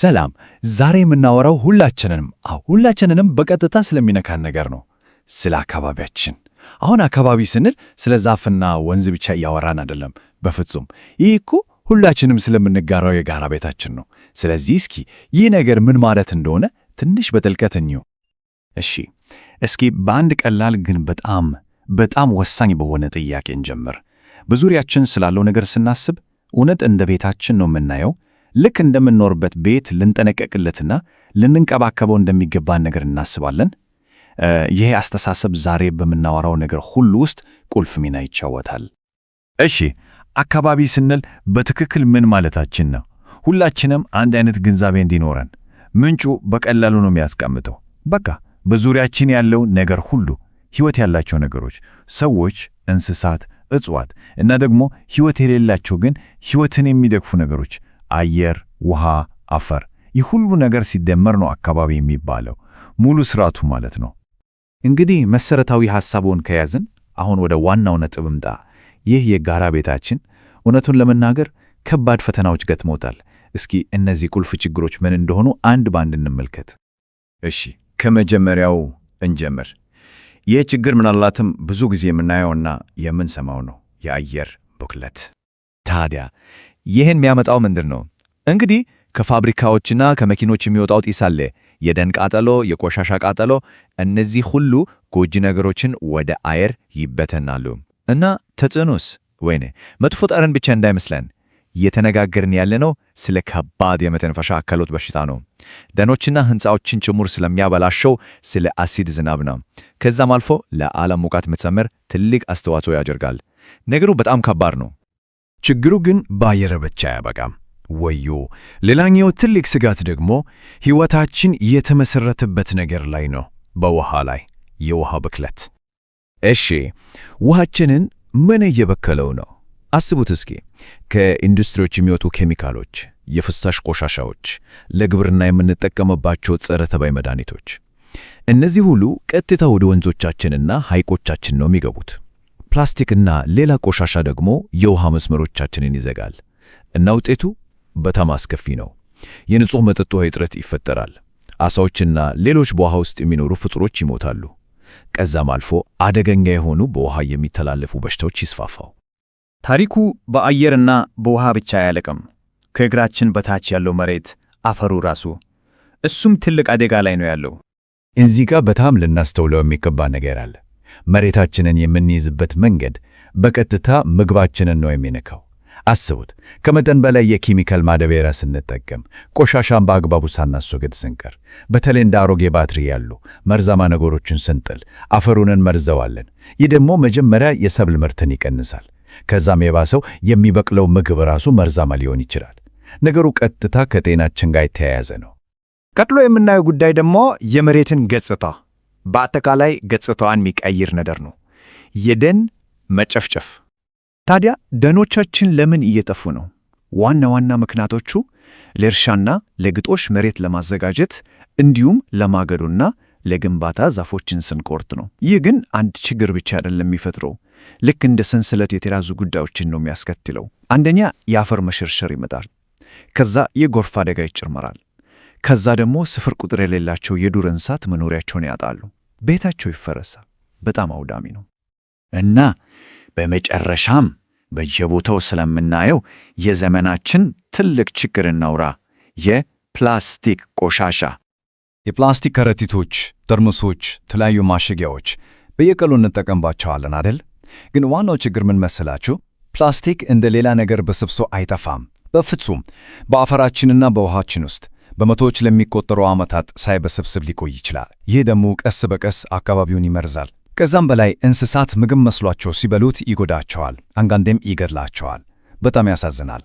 ሰላም። ዛሬ የምናወራው ሁላችንንም አዎ ሁላችንንም በቀጥታ ስለሚነካን ነገር ነው፣ ስለ አካባቢያችን። አሁን አካባቢ ስንል ስለ ዛፍና ወንዝ ብቻ እያወራን አይደለም፣ በፍጹም። ይህ እኮ ሁላችንም ስለምንጋራው የጋራ ቤታችን ነው። ስለዚህ እስኪ ይህ ነገር ምን ማለት እንደሆነ ትንሽ በጥልቀት እንዩ። እሺ፣ እስኪ በአንድ ቀላል ግን በጣም በጣም ወሳኝ በሆነ ጥያቄ እንጀምር። በዙሪያችን ስላለው ነገር ስናስብ እውነት እንደ ቤታችን ነው የምናየው ልክ እንደምንኖርበት ቤት ልንጠነቀቅለትና ልንንቀባከበው እንደሚገባን ነገር እናስባለን። ይሄ አስተሳሰብ ዛሬ በምናወራው ነገር ሁሉ ውስጥ ቁልፍ ሚና ይጫወታል። እሺ፣ አካባቢ ስንል በትክክል ምን ማለታችን ነው? ሁላችንም አንድ አይነት ግንዛቤ እንዲኖረን ምንጩ በቀላሉ ነው የሚያስቀምጠው። በቃ በዙሪያችን ያለው ነገር ሁሉ ሕይወት ያላቸው ነገሮች፣ ሰዎች፣ እንስሳት፣ እጽዋት እና ደግሞ ሕይወት የሌላቸው ግን ሕይወትን የሚደግፉ ነገሮች አየር፣ ውሃ፣ አፈር ይህ ሁሉ ነገር ሲደመር ነው አካባቢ የሚባለው ሙሉ ስርዓቱ ማለት ነው። እንግዲህ መሰረታዊ ሐሳቡን ከያዝን አሁን ወደ ዋናው ነጥብ ምጣ። ይህ የጋራ ቤታችን እውነቱን ለመናገር ከባድ ፈተናዎች ገጥሞታል። እስኪ እነዚህ ቁልፍ ችግሮች ምን እንደሆኑ አንድ በአንድ እንመልከት። እሺ፣ ከመጀመሪያው እንጀምር። ይህ ችግር ምናልባትም ብዙ ጊዜ የምናየውና የምንሰማው ነው፣ የአየር ብክለት። ታዲያ ይህን የሚያመጣው ምንድን ነው? እንግዲህ ከፋብሪካዎችና ከመኪኖች የሚወጣው ጢስ አለ። የደን ቃጠሎ፣ የቆሻሻ ቃጠሎ፣ እነዚህ ሁሉ ጎጂ ነገሮችን ወደ አየር ይበተናሉ። እና ተጽዕኖስ? ወይኔ መጥፎ ጠረን ብቻ እንዳይመስለን። እየተነጋገርን ያለነው ስለ ከባድ የመተንፈሻ አካሎት በሽታ ነው። ደኖችና ሕንፃዎችን ጭምር ስለሚያበላሸው ስለ አሲድ ዝናብ ነው። ከዛም አልፎ ለዓለም ሙቀት መጨመር ትልቅ አስተዋጽኦ ያደርጋል። ነገሩ በጣም ከባድ ነው። ችግሩ ግን በአየር ብቻ አያበቃም። ወዮ! ሌላኛው ትልቅ ስጋት ደግሞ ሕይወታችን የተመሠረተበት ነገር ላይ ነው፣ በውሃ ላይ። የውሃ ብክለት። እሺ፣ ውሃችንን ምን እየበከለው ነው? አስቡት እስኪ። ከኢንዱስትሪዎች የሚወጡ ኬሚካሎች፣ የፍሳሽ ቆሻሻዎች፣ ለግብርና የምንጠቀምባቸው ጸረ ተባይ መድኃኒቶች፣ እነዚህ ሁሉ ቀጥታ ወደ ወንዞቻችንና ሐይቆቻችን ነው የሚገቡት። ፕላስቲክና ሌላ ቆሻሻ ደግሞ የውሃ መስመሮቻችንን ይዘጋል እና ውጤቱ በጣም አስከፊ ነው። የንጹህ መጠጥ ውሃ እጥረት ይፈጠራል። ዓሳዎችና ሌሎች በውሃ ውስጥ የሚኖሩ ፍጡሮች ይሞታሉ። ከዛም አልፎ አደገኛ የሆኑ በውሃ የሚተላለፉ በሽታዎች ይስፋፋው። ታሪኩ በአየርና በውሃ ብቻ አያለቅም። ከእግራችን በታች ያለው መሬት፣ አፈሩ ራሱ እሱም ትልቅ አደጋ ላይ ነው ያለው። እዚህ ጋር በጣም ልናስተውለው የሚገባ ነገር አለ። መሬታችንን የምንይዝበት መንገድ በቀጥታ ምግባችንን ነው የሚነካው። አስቡት፣ ከመጠን በላይ የኬሚካል ማዳበሪያ ስንጠቀም፣ ቆሻሻን በአግባቡ ሳናስወግድ ስንቀር፣ በተለይ እንደ አሮጌ ባትሪ ያሉ መርዛማ ነገሮችን ስንጥል አፈሩንን እንመርዘዋለን። ይህ ደግሞ መጀመሪያ የሰብል ምርትን ይቀንሳል። ከዛም የባሰው የሚበቅለው ምግብ ራሱ መርዛማ ሊሆን ይችላል። ነገሩ ቀጥታ ከጤናችን ጋር የተያያዘ ነው። ቀጥሎ የምናየው ጉዳይ ደግሞ የመሬትን ገጽታ በአጠቃላይ ገጽታዋን የሚቀይር ነገር ነው። የደን መጨፍጨፍ። ታዲያ ደኖቻችን ለምን እየጠፉ ነው? ዋና ዋና ምክንያቶቹ ለእርሻና ለግጦሽ መሬት ለማዘጋጀት እንዲሁም ለማገዶና ለግንባታ ዛፎችን ስንቆርጥ ነው። ይህ ግን አንድ ችግር ብቻ አይደለም የሚፈጥረው፣ ልክ እንደ ሰንሰለት የተያዙ ጉዳዮችን ነው የሚያስከትለው። አንደኛ የአፈር መሸርሸር ይመጣል። ከዛ የጎርፍ አደጋ ይጨምራል። ከዛ ደግሞ ስፍር ቁጥር የሌላቸው የዱር እንስሳት መኖሪያቸውን ያጣሉ፣ ቤታቸው ይፈረሳል። በጣም አውዳሚ ነው እና በመጨረሻም በየቦታው ስለምናየው የዘመናችን ትልቅ ችግር እናውራ፣ የፕላስቲክ ቆሻሻ። የፕላስቲክ ከረጢቶች፣ ጠርሙሶች፣ የተለያዩ ማሸጊያዎች በየቀሉ እንጠቀምባቸዋለን አደል? ግን ዋናው ችግር ምን መሰላችሁ? ፕላስቲክ እንደ ሌላ ነገር በስብሶ አይጠፋም፣ በፍጹም በአፈራችንና በውሃችን ውስጥ በመቶዎች ለሚቆጠሩ ዓመታት ሳይበሰብስብ ሊቆይ ይችላል። ይህ ደግሞ ቀስ በቀስ አካባቢውን ይመርዛል። ከዛም በላይ እንስሳት ምግብ መስሏቸው ሲበሉት ይጎዳቸዋል፣ አንዳንዴም ይገድላቸዋል። በጣም ያሳዝናል።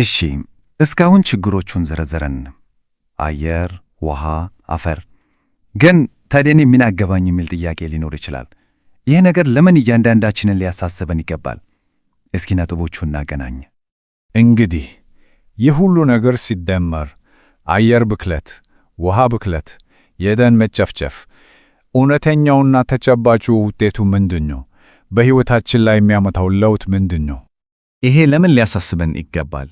እሺ፣ እስካሁን ችግሮቹን ዘረዘረን፣ አየር፣ ውሃ፣ አፈር። ግን ታዲያ እኔ ምን አገባኝ የሚል ጥያቄ ሊኖር ይችላል። ይህ ነገር ለምን እያንዳንዳችንን ሊያሳስበን ይገባል? እስኪ ነጥቦቹ እናገናኝ። እንግዲህ የሁሉ ነገር ሲደመር አየር ብክለት፣ ውሃ ብክለት፣ የደን መጨፍጨፍ። እውነተኛውና ተጨባጩ ውጤቱ ምንድን ነው? በሕይወታችን ላይ የሚያመጣው ለውጥ ምንድን ነው? ይሄ ለምን ሊያሳስበን ይገባል?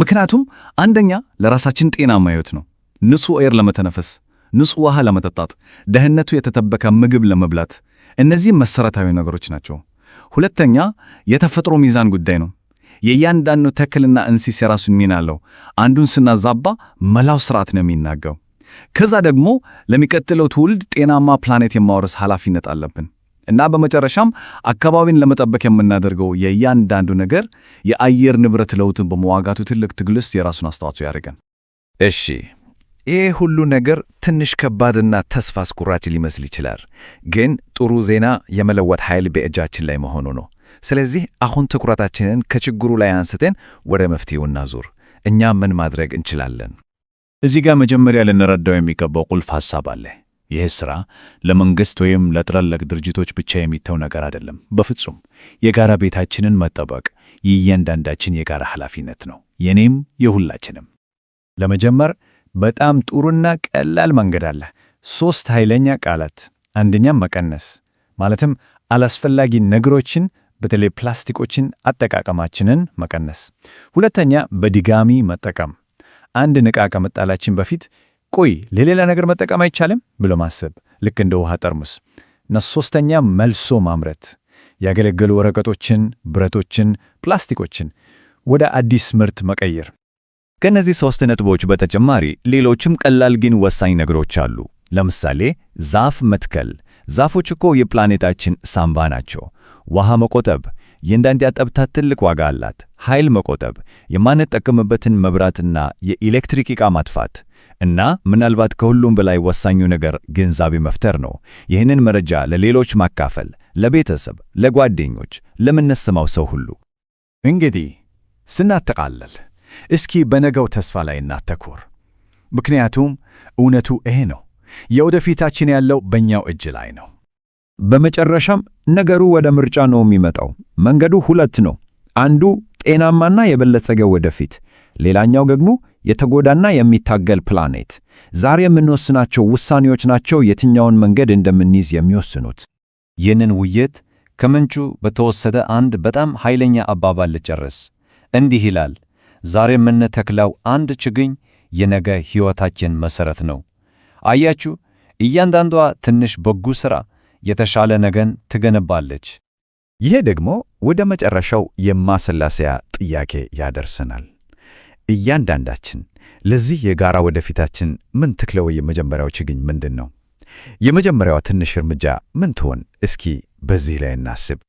ምክንያቱም አንደኛ ለራሳችን ጤና ማየት ነው። ንጹህ አየር ለመተነፈስ፣ ንጹህ ውሃ ለመጠጣት፣ ደህንነቱ የተጠበቀ ምግብ ለመብላት፣ እነዚህም መሠረታዊ ነገሮች ናቸው። ሁለተኛ የተፈጥሮ ሚዛን ጉዳይ ነው። የእያንዳንዱ ተክልና እንስስ የራሱን ሚና አለው። አንዱን ስናዛባ መላው ስርዓት ነው የሚናገው። ከዛ ደግሞ ለሚቀጥለው ትውልድ ጤናማ ፕላኔት የማውረስ ኃላፊነት አለብን እና በመጨረሻም አካባቢን ለመጠበቅ የምናደርገው የእያንዳንዱ ነገር የአየር ንብረት ለውጥን በመዋጋቱ ትልቅ ትግል ውስጥ የራሱን አስተዋጽኦ ያደርገን። እሺ፣ ይህ ሁሉ ነገር ትንሽ ከባድና ተስፋ አስቆራጭ ሊመስል ይችላል፣ ግን ጥሩ ዜና የመለወጥ ኃይል በእጃችን ላይ መሆኑ ነው። ስለዚህ አሁን ትኩረታችንን ከችግሩ ላይ አንስተን ወደ መፍትሄው እናዙር። እኛ ምን ማድረግ እንችላለን? እዚህ ጋር መጀመሪያ ልንረዳው የሚገባው ቁልፍ ሐሳብ አለ። ይህ ሥራ ለመንግሥት ወይም ለትላልቅ ድርጅቶች ብቻ የሚተው ነገር አይደለም። በፍጹም የጋራ ቤታችንን መጠበቅ የእያንዳንዳችን የጋራ ኃላፊነት ነው፣ የኔም የሁላችንም። ለመጀመር በጣም ጥሩና ቀላል መንገድ አለ። ሦስት ኃይለኛ ቃላት። አንደኛም መቀነስ ማለትም አላስፈላጊ ነገሮችን በተለይ ፕላስቲኮችን አጠቃቀማችንን መቀነስ። ሁለተኛ በድጋሚ መጠቀም፣ አንድ ዕቃ ከመጣላችን በፊት ቆይ ለሌላ ነገር መጠቀም አይቻልም ብሎ ማሰብ፣ ልክ እንደ ውሃ ጠርሙስ እና ሶስተኛ መልሶ ማምረት፣ ያገለገሉ ወረቀቶችን፣ ብረቶችን፣ ፕላስቲኮችን ወደ አዲስ ምርት መቀየር። ከእነዚህ ሶስት ነጥቦች በተጨማሪ ሌሎችም ቀላል ግን ወሳኝ ነገሮች አሉ። ለምሳሌ ዛፍ መትከል። ዛፎች እኮ የፕላኔታችን ሳንባ ናቸው። ውሃ መቆጠብ የእንዳንድ ጠብታ ትልቅ ዋጋ አላት። ኃይል መቆጠብ፣ የማንጠቀምበትን መብራትና የኤሌክትሪክ ዕቃ ማጥፋት እና ምናልባት ከሁሉም በላይ ወሳኙ ነገር ግንዛቤ መፍጠር ነው። ይህንን መረጃ ለሌሎች ማካፈል፣ ለቤተሰብ፣ ለጓደኞች፣ ለምንሰማው ሰው ሁሉ። እንግዲህ ስናጠቃለል እስኪ በነገው ተስፋ ላይ እናተኩር። ምክንያቱም እውነቱ ይሄ ነው፣ የወደፊታችን ያለው በእኛው እጅ ላይ ነው። በመጨረሻም ነገሩ ወደ ምርጫ ነው የሚመጣው። መንገዱ ሁለት ነው። አንዱ ጤናማና የበለጸገ ወደፊት፣ ሌላኛው ደግሞ የተጎዳና የሚታገል ፕላኔት። ዛሬ የምንወስናቸው ውሳኔዎች ናቸው የትኛውን መንገድ እንደምንይዝ የሚወስኑት። ይህንን ውይይት ከምንጩ በተወሰደ አንድ በጣም ኃይለኛ አባባል ልጨርስ። እንዲህ ይላል፣ ዛሬ የምንተክለው አንድ ችግኝ የነገ ሕይወታችን መሠረት ነው። አያችሁ፣ እያንዳንዷ ትንሽ በጎ ሥራ የተሻለ ነገን ትገነባለች። ይሄ ደግሞ ወደ መጨረሻው የማሰላሰያ ጥያቄ ያደርሰናል። እያንዳንዳችን ለዚህ የጋራ ወደፊታችን ምን ትክለው? የመጀመሪያው ችግኝ ምንድን ነው? የመጀመሪያዋ ትንሽ እርምጃ ምን ትሆን? እስኪ በዚህ ላይ እናስብ።